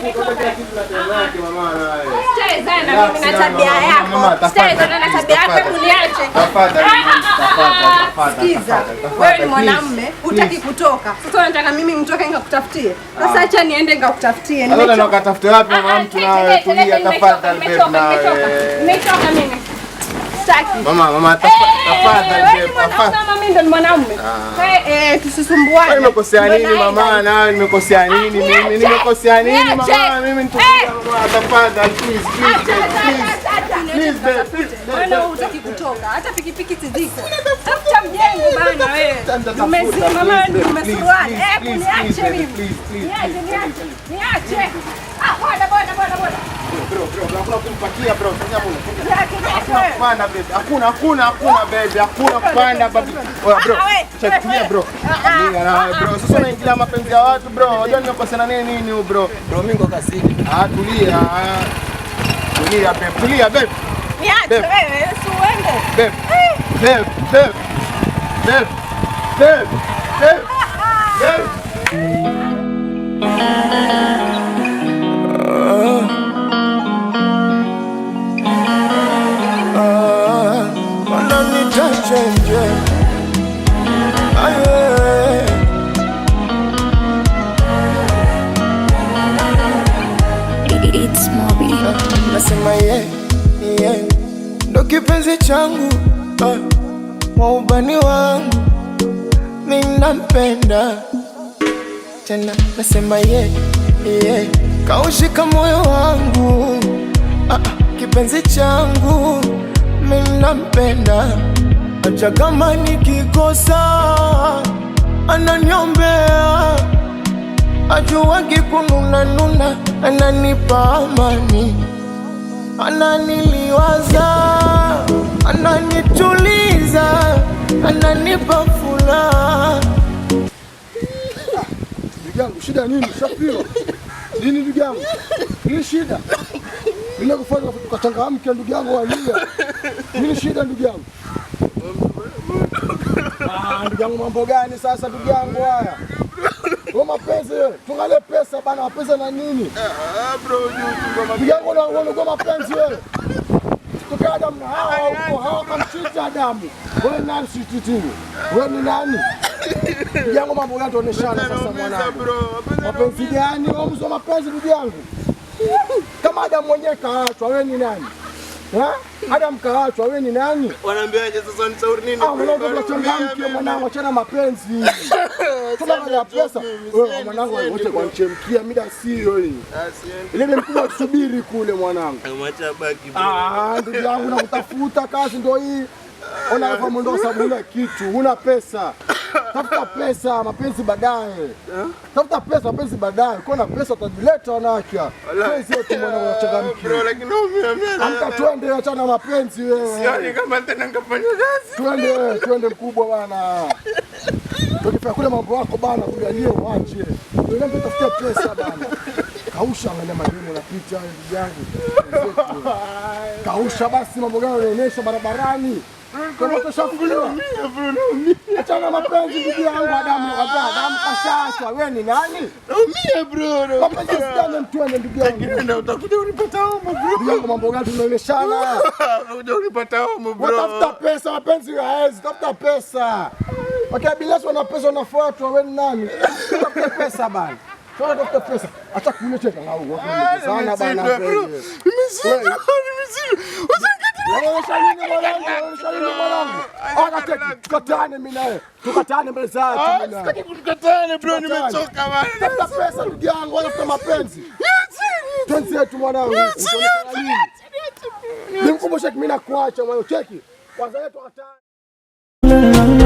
na tabia yako, na tabia yako uniache. Sikiza, wewe ni mwanamume, hutaki kutoka. Sasa unataka mimi mtoke nikakutafutie? Sasa ah. acha niende nikakutafutie. Nimetoka ah, ah, mimi sitaki. Mama, mama eh, eh, eh, tafadhali, Mimi ndo mwanaume. Ah. Eh, tusisumbuane. Nimekosea nini mama? Na nimekosea ah, nini mimi? Nimekosea nini mama? Mimi ah, tafadhali, please please. Bwana hutaki kutoka. niache Niache, niache. Niache. Sasa unaingilia mapenzi ya watu bro, unajua nimekosana naye nini huyu bro? Bro mimi ngoka sisi. Ah, tulia. Tulia babe, tulia babe. Niache wewe, usiende. Babe. Babe, babe. Babe. Babe. Babe. Ah, ah. Babe. nasema ye ye ndo kipenzi changu ah, mwaubani wangu minampenda tena nasema ye ye kaushika moyo wangu ah, kipenzi changu minampenda Acha kama nikikosa ananiombea, ajuwagi kununa nuna, ananipa amani, ananiliwaza, ananituliza, ananipa furaha. Ndugu, shida nini? Shapiro nini? Ndugu yangu, nini shida? Ninakufanya ukachangamke ndugu yangu, walia nini shida ndugu yangu? Ah, ndugu yangu mambo gani sasa, ndugu yangu haya O mapenzi wewe. tungale pesa bana, mapenzi na nini? ndugu yangu na mapenzi wewe. Tukaa damu hawa huko, hawa kamchinja damu. Wewe ni nani sisi timu? Wewe ni nani? Ndugu yangu mambo gani tuoneshana sasa mwanangu? Mapenzi gani? Wewe mzo mapenzi ndugu yangu. Kama damu mwenyewe kaachwa, wewe ni nani? hata mkaachwa, we ni nani? Wanaambiaje sasa nisauri nini? Ah, Mwanangu achana mapenzi. Kama ya pesa wewe mwanangu wote kwa mchemkia mida sio hii. Ah, ile ile mkubwa tusubiri kule mwanangu. Ah, mwacha baki. Ah, ndugu yangu nakutafuta kazi ndio hii. Ona hapo ndo sabuni kitu, una pesa tafuta pesa, mapenzi baadaye. Tafuta pesa, mapenzi baadaye. kwa na pesa utajileta wanawake. Penzi yote mwana unachangamki. Amka twende, achana na mapenzi wewe. Sioni kama tena ngafanya kazi. Twende, twende mkubwa bana. Tukifika kule mambo yako bana, kujalie uache. Ndio tafuta pesa bana. Kausha na majini unapita ndugu yangu. Kausha basi mambo gani unaonesha barabarani. Achana mapenzi ndugu yangu, damu ah. kashaswa. Wewe ni nani? Mambo gani tunaoneshana? Ah, tafuta pesa, mapenzi haezi. Tafuta pesa, wakiabilasi wana pesa, unafuatwa. Wewe ni nani? Tafuta pesa bana. Tafuta pesa, acha kunicheka. Waonyeshanini mwanangu, waonyeshanini mwanangu, tukatane mimi naye, tukatane mbele za watu. Sitaki kutukatane bro, nimechoka bana. Tafuta pesa ndugu yangu, wala tafuta mapenzi. Penzi yetu mwanangu. Nimkumbushe mimi na kuacha moyo cheki. Kwanza yetu tukatane.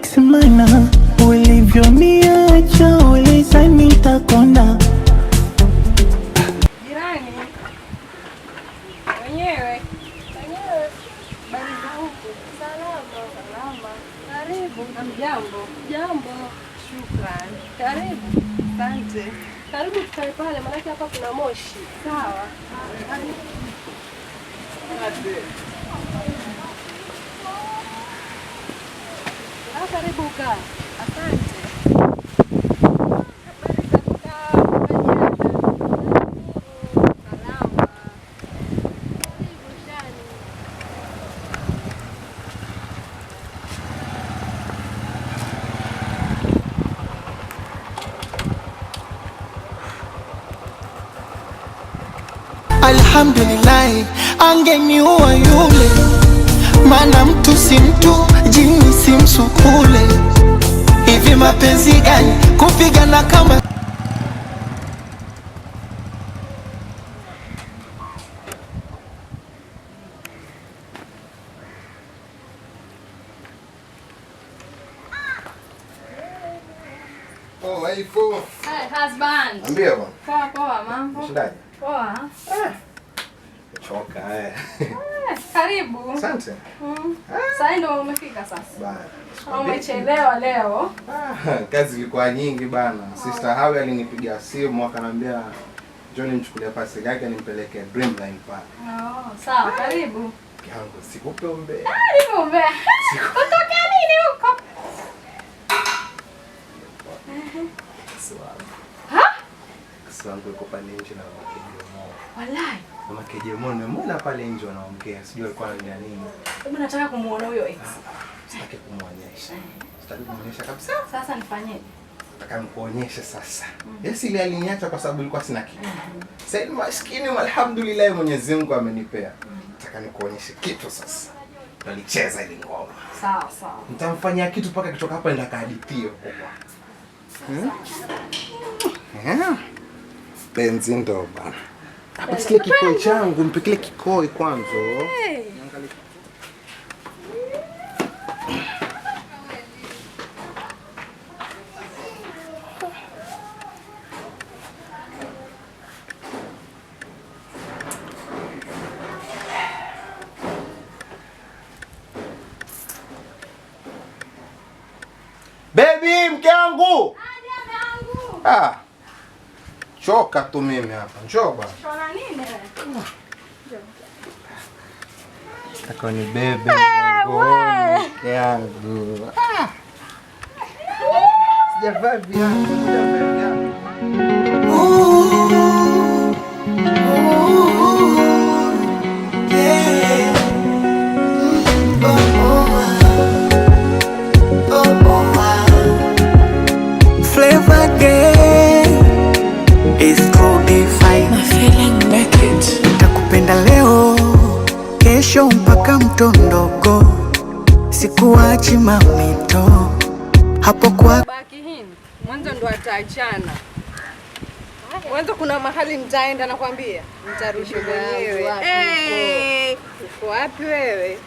Sexy mana, ulivyoniacha uliza nitakonda. wenyewe bali huku salama salama. Karibu. Jambo jambo. Shukrani. Karibu. Karibu tukae pale, maanake hapa kuna moshi. Sawa. Ah, karibu Asante. Alhamdulillah, angeniua yule, mana mtu si mtu jini simsukule hivi mapenzi gani kupigana kama Poa mambo. Poa. Ah. Choka eh. Eh, karibu. Asante. Mm. Sasa ndio umefika sasa. Umechelewa leo. Ah, kazi ilikuwa nyingi bana. Oh. Sister Hawi alinipigia simu akanambia njoo nimchukulie pasi yake nimpeleke Dreamline pale. Oh, sawa, ah. karibu. Kiango sikupe umbea. Ah, ni Kutoka nini huko? Sawa. Ha? Swangu iko pale nje na wakili Wallahi. Mama KJ muone muona pale nje wanaongea. Sijui alikuwa anaongea nini. Hebu nataka kumuona huyo ex. Ah, sitaki kumuonyesha. Eh. Sitaki kumuonyesha kabisa. Sasa nifanyeje? Nataka nikuonyeshe sasa. Mm. Yes, ile aliniacha kwa sababu ilikuwa sina kitu. Mm. Sasa maskini, alhamdulillah Mwenyezi Mungu amenipea. Mm. Nataka nikuonyeshe kitu sasa. Tutalicheza ile ngoma. Sawa sawa. Nitamfanyia kitu mpaka kutoka hapa enda kahadithie Hmm? Yeah. Benzi ndo bana. Basi kile kikoi changu kile kikoi kwanza. Baby, mke wangu. Ah nimechoka tu mimi hapa. Njoo bwana. Unaona nini wewe? Tako ni bebe yangu. Ah. Sijavaa viatu, sijavaa viatu. hapo kwa baki hii mwanzo ndo ataachana. Mwanzo kuna mahali mtaenda, nakwambia mtarudi mwenyewe. Eh, uko wapi wewe?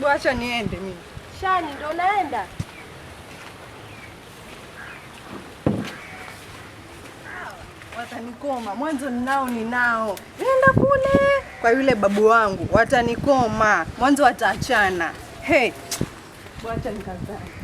Bwacha hmm. niende mimi. Shani ndo naenda. Watanikoma mwanzo, ninao ninao, nenda kule kwa yule babu wangu, watanikoma mwanzo, wataachana. Hey, wacha nikazae